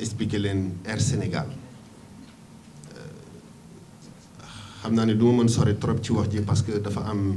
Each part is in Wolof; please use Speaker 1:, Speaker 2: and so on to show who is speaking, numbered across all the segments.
Speaker 1: expliquer leen Air Sénégal eh, xam naa ne duma mën sore trop ci wax ji parce que dafa am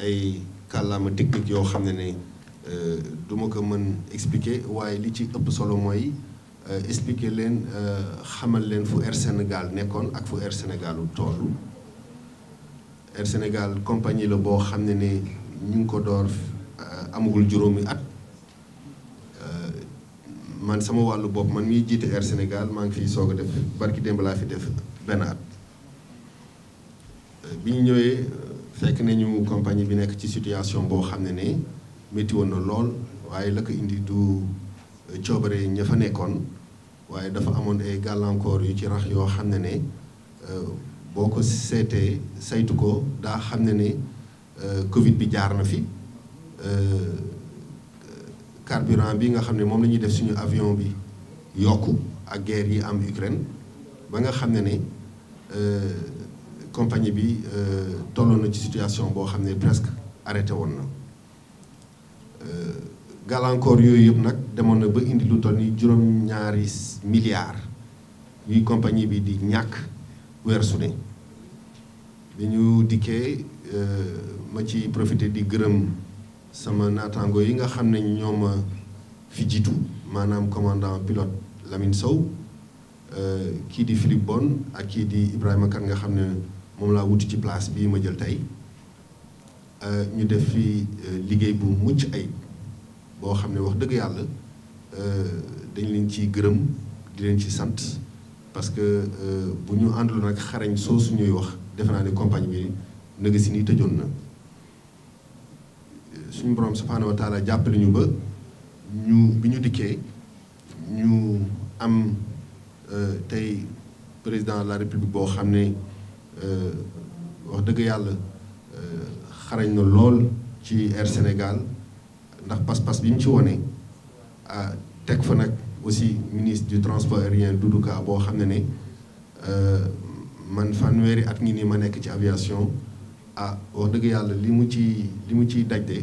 Speaker 1: ay kàllaama technique yoo xam ne ne eh, duma ko mën expliquer waaye li ci ëpp solo mooy eh, expliquer leen xamal leen fu Air Sénégal nekkoon ak fu Air Sénégalu toolu Air Sénégal compagnie la boo xam ne ne. ñu ngi ko door euh, amagul juróomi at euh, man sama wàllu bopp man miy jiite Air Sénégal maa ngi fiy soog a def barki démb laa fi def benn at euh, bi ñu ñëwee fekk nañu compagnie bi nekk ci situation boo xam ne ne métti woon na lool waaye la ko indi du coobare ña fa nekkoon waaye dafa amoon ay gàllankoor yu ci rax yoo xam ne ne boo ko seetee saytu ko daa xam ne ne Euh, Covid bi jaar na fi euh, carburant bi nga xam ne moom la ñuy def suñu avion bi yokku ak guerre yi am Ukraine ba nga xam ne ne euh, compagnie bi tolloon na ci situation boo xam ne presque arrêté woon na gàllankoor yooyu yëpp nag demoon na ba indi lu toll ni juróom-ñaari milliards yuy compagnie bi di ñàkk weer su ne dañu dikkee Euh, ma ci profité di gërëm sama naataango yi nga xam ne ñoo ma fi jiitu maanaam commandant pilote Lamine Sow euh, kii di Philippe Bonne ak kii di Ibrahima Kane nga xam ne moom laa wuti ci place bii ma jël tey euh, ñu def fi liggéey bu mucc ay boo xam ne wax dëgg yàlla dañ leen ciy gërëm di leen ci sant parce que bu ñu àndul nag xarañ soo suñuy wax defe naa ne compagnie bi nga si nii tëjoon na suñu borom subhaanahu wa taala jàppale ñu ba ñu bi ñu dikkee ñu am euh, tey président de la république boo xam ne euh, wax dëgg yàlla euh, xarañ na lool ci Air Sénégal ndax pas-pas bi mu ci wone ah, teg fa nag aussi ministre du transport aérien Doudou Ka boo xam ne ne man fanweeri at ngi nii ma nekk ci aviation ah oo dëgg yàlla li mu ci li mu ciy daj de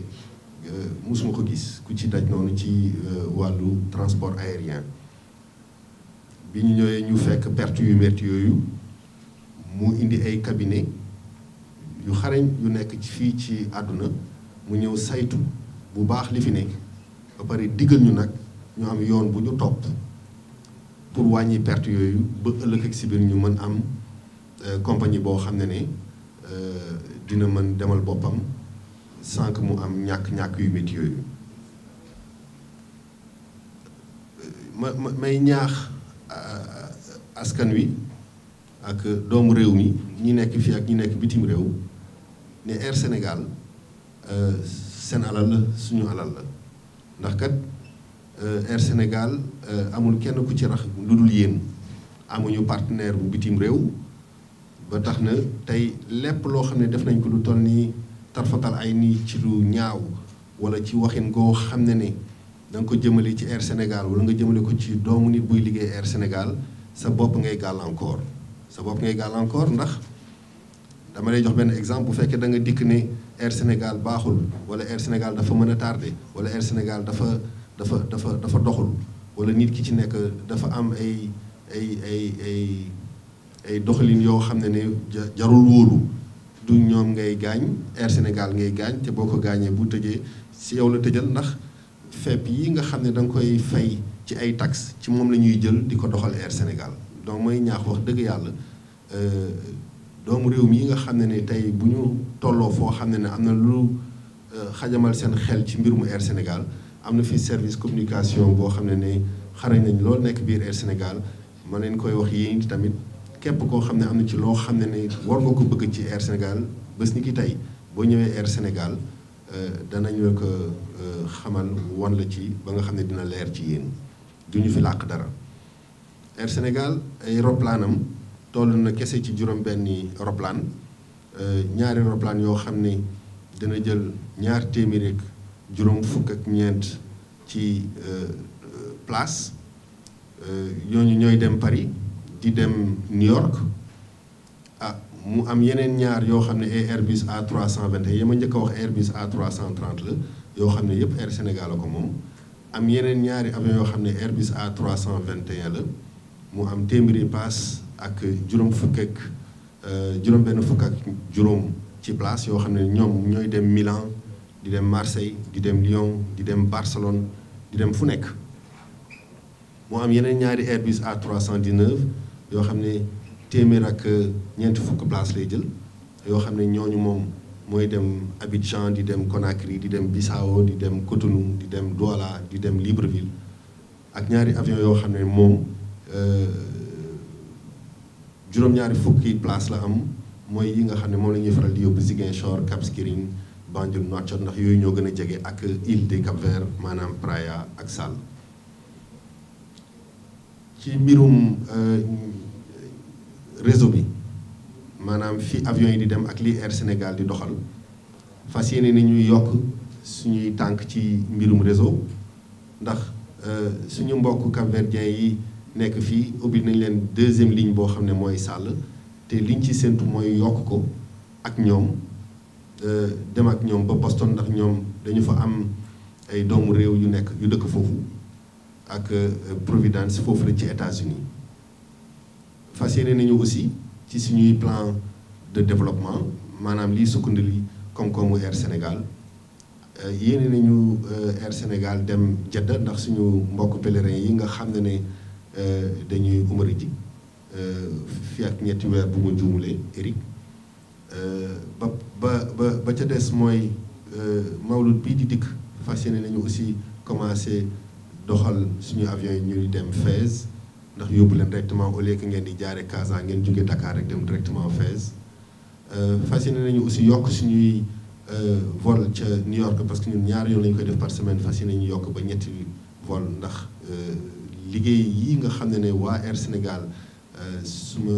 Speaker 1: euh, musuma ko gis ku ci daj noonu ci euh, wàllu transport aérien bi ñu ñëwee ñu fekk perte yu métti yooyu mu indi ay cabinet yu xarañ yu nekk ci fii ci àdduna mu ñëw saytu bu baax li fi nekk ba diggal ñu nag ñu am yoon bu ñu topp pour wàññi perte yooyu ba ëllëg ak si biir ñu mën am euh, compagnie boo xam ne ne Euh, dina mën demal boppam sans mu am ñàkk-ñàkk yu métti yooyu ma ma may ñaax askan wi ak doomu réew mi ñi nekk fii ak ñu nekk bitim réew ne Air Sénégal euh, seen alal suñu alal la ndax kat euh, Air Sénégal amul kenn ku ci rax lu dul yéen amuñu partenaire bu bitim réew ba tax na tey lépp loo xam ne def nañ ko lu toll nii tarfatal ay nii ci lu ñaaw wala ci waxin goo xam ne ni da ko jëmale ci Air Sénégal wala nga jëmale ko ci doomu nit buy liggéey Air Sénégal sa bopp ngay gàllankoor sa bopp ngay gàllankoor ndax dama lay jox benn exemple bu fekkee da nga dikk ne Air Sénégal baaxul wala Air Sénégal dafa mën a tardé wala Air Sénégal dafa dafa dafa dafa doxul wala nit ki ci nekk dafa am ay ay ay ay. ay doxalin yoo xam ne ne jarul wóolu du ñoom ngay gaañ Air Sénégal ngay gaañ te boo ko gaañee bu tëjee si yow la tëjal ndax fepp yi nga xam ne danga koy fay ci ay taxes ci moom la ñuy jël di ko doxal Air Sénégal donc mooy ñaax wax dëgg yàlla euh, doomu réew mi nga xam ne ne tey bu ñu tolloo foo xam ne ne am na lu euh, xajamal seen xel ci mbir mu Air Sénégal am na fi service communication boo xam ne ne xarañ nañ loolu nekk biir Air Sénégal ma leen koy wax yi tamit. képp koo xam ne am na ci loo xam ne ni war nga ko bëgg ci Air Sénégal bés ni ki tey boo ñëwee Air Sénégal euh, danañu la ko euh, xamal won la ci ba nga xam ne dina leer ci yéen du ñu fi làq dara Air Sénégal ay roplaanam toll na kese ci juróom benni roplaan euh, ñaari roplaan yoo xam ne dina jël ñaar téeméer juróom fukk ak ñeent ci place ñooñu ñooy dem Paris di dem New York ah mu am yeneen ñaar yoo xam ne ay Airbus A321 yi ma njëkk a wax Airbus A330 la yoo xam ne yëpp Air Sénégal la ko moom am yeneen ñaari avion yoo xam ne Airbus A321 la mu am téeméeri paas ak juróom euh, fukk ak juróom ci place yoo xam ne ñoom ñooy dem Milan di dem Marseille di dem Lyon di dem Barcelone di dem fu nekk mu am yeneen ñaari Airbus A319 yoo xam ne téeméer ak euh, ñeenti fukk place lay jël yoo xam ne ñooñu moom mooy dem Abidjan di dem Conakry di dem Bissau di dem Cotonou di dem Douala di dem Libreville ak ñaari avion yoo xam ne moom euh, juróom-ñaari fukki place la am mooy yi nga xam ne moom la ñuy faral di yóbbu Ziguinchor Cap Skirring Banjul Nouakchott ndax yooyu ñoo gën a jege ak île de cap maanaam Praia ak Sal ci mbirum euh, réseau bi maanaam fi avion yi di dem ak li Air Sénégal di doxal fas yéene ni ñuy yokk suñuy tànk ci mbirum réseau ndax euh, suñu mbokk capverdien yi nekk fii ubbi nañ leen deuxième ligne boo xam ne mooy sàll te liñ ci séntu mooy yokk ko ak ñoom euh, dem ak ñoom ba Boston ndax ñoom dañu fa am ay doomu réew yu nekk yu dëkk foofu ak euh, Providence foofu la ci États-Unis fas yéene nañu aussi ci suñuy plan de développement maanaam liy sukkandili koom-koomu Air Sénégal euh, yéene nañu euh, Air Sénégal dem Jedda ndax suñu mbokk pèlerin yi nga xam ne ne euh, dañuy umari ji fii ak ñetti weer bu ma juumulee Eric ba ba ba ca des mooy mawlud bii di dikk fas yéene nañu aussi commencé doxal suñu avion yi ñuy dem Fès ndax yóbbu leen directement au lieu que ngeen di jaare Casa ngeen jóge Dakar rek dem directement Fès euh, fasciné nañu aussi yokk suñuy euh, vol ca New York parce que ñun ñaari yoon la koy def par semaine fasciné ñu yokk ba ñetti vol ndax euh, liggéey yi nga xam ne ne waa Air Sénégal suma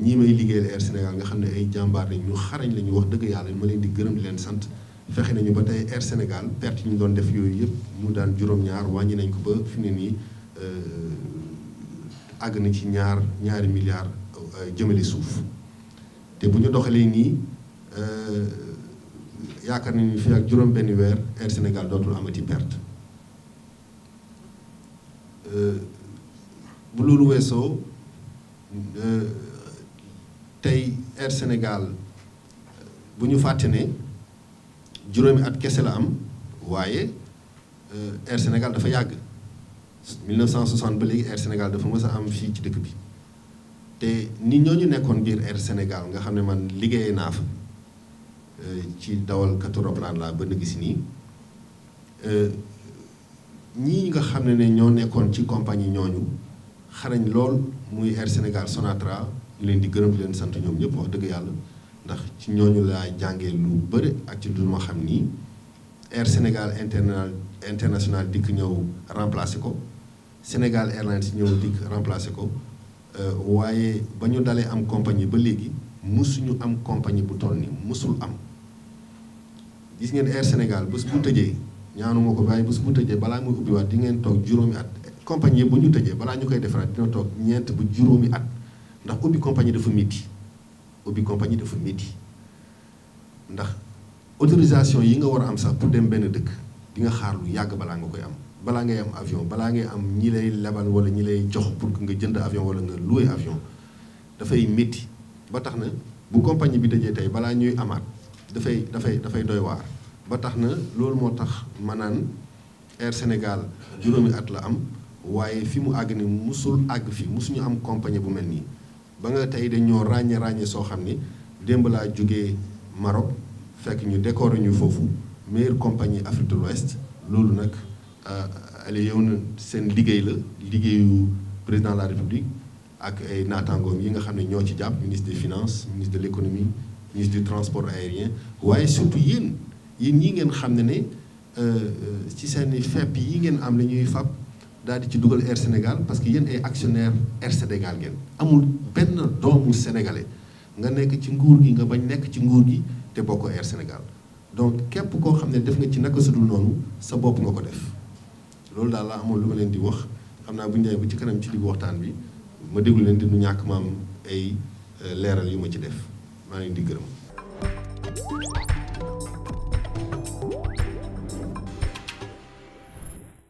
Speaker 1: ñii may liggéeyal Air Sénégal nga xam ne ay jàmbaar lañ ñu xarañ la ñu wax dëgg yàlla ma leen di gërëm di leen sant fexe nañu ba tey Air Sénégal perte yi ñu doon def yooyu yëpp mu daan juróom-ñaar wàññi nañ ko ba fi ne nii àgg na ci ñaar ñaari milliards euh, jëmale suuf te bu ñu doxalee nii euh, yaakaar nañu fi ak juróom-benn weer Air Sénégal dootul amati perte euh, bu loolu weesoo tey Air Sénégal bu ñu fàtte ne juróomi at kese la am waaye Air Sénégal dafa yàgg. 1960 ba léegi Air Sénégal dafa mës a am fii ci dëkk bi te nit ñoo ñu nekkoon biir Air Sénégal nga xam ne man liggéeyee naa fa euh, ci dawal katu laa ba gis si nii euh, ñii nga xam ne ne ñoo nekkoon ci compagnie ñooñu xarañ lool muy Air Sénégal Sonatra ñu leen di gërëm di leen sant ñoom ñëpp wax dëgg yàlla ndax ci ñooñu laa jàngee lu bëri ak ci lu ma xam nii Air Sénégal interna international dikk ñëw remplacé ko. Sénégal Airlines ñëw dikk remplacé ko euh, waaye ba ñu dalee am compagnie ba léegi musuñu am compagnie bu toll nii musul am gis ngeen Air Sénégal bés bu tëjee ñaanu ma ko waaye bés bu tëjee balaa muy ubbiwaat di ngeen toog juróomi at compagnie bu ñu tëjee balaa ñu koy defaraat dina toog ñeent ba juróomi at ndax ubbi compagnie dafa métti ubbi compagnie dafa métti ndax autorisation yi nga war a am sax pour dem benn dëkk di nga xaar lu yàgg balaa nga koy am. balaa ngay am avion balaa ngay am ñi lay leban wala ñi lay jox pour que nga jënd avion wala nga loué avion dafay métti ba tax na bu compagnie bi dajee tey balaa ñuy amaat dafay dafay dafay doy waar. ba tax na loolu moo tax manaan Air Sénégal juróomi at la am waaye fi mu àgg ni musul àgg fi musuñu am compagnie bu mel nii ba nga tey dañoo ràññee ràññee soo xam ni démb laa jógee marok fekk ñu décoré ñu foofu meilleure compagnie Afrique de l'Ouest loolu nag. ale yow na seen liggéey la liggéeyu président de la république ak ay naataangoom yi nga xam ne ñoo ci jàpp ministre des finances ministre de l' économie ministre du transport aérien waaye surtout yéen yéen ñi ngeen xam ne ne euh, euh, ci seen i fepp yi ngeen am la ñuy fab daal di ci dugal Air Sénégal parce que yéen ay actionnaire Air Sénégal ngeen amul benn doomu sénégalais nga nekk ci nguur gi nga bañ nekk ci nguur gi te bokk Air Sénégal donc képp koo xam ne def nga ci naka sudul noonu sa bopp nga ko def loolu daal laa amoon lu ma leen di wax xam naa bu ñu demee ba ci kanam ci diggu waxtaan bi ma déglu leen di nu ñàkk maam ay euh, leeral yu ma ci def maa ngi leen di gërëm.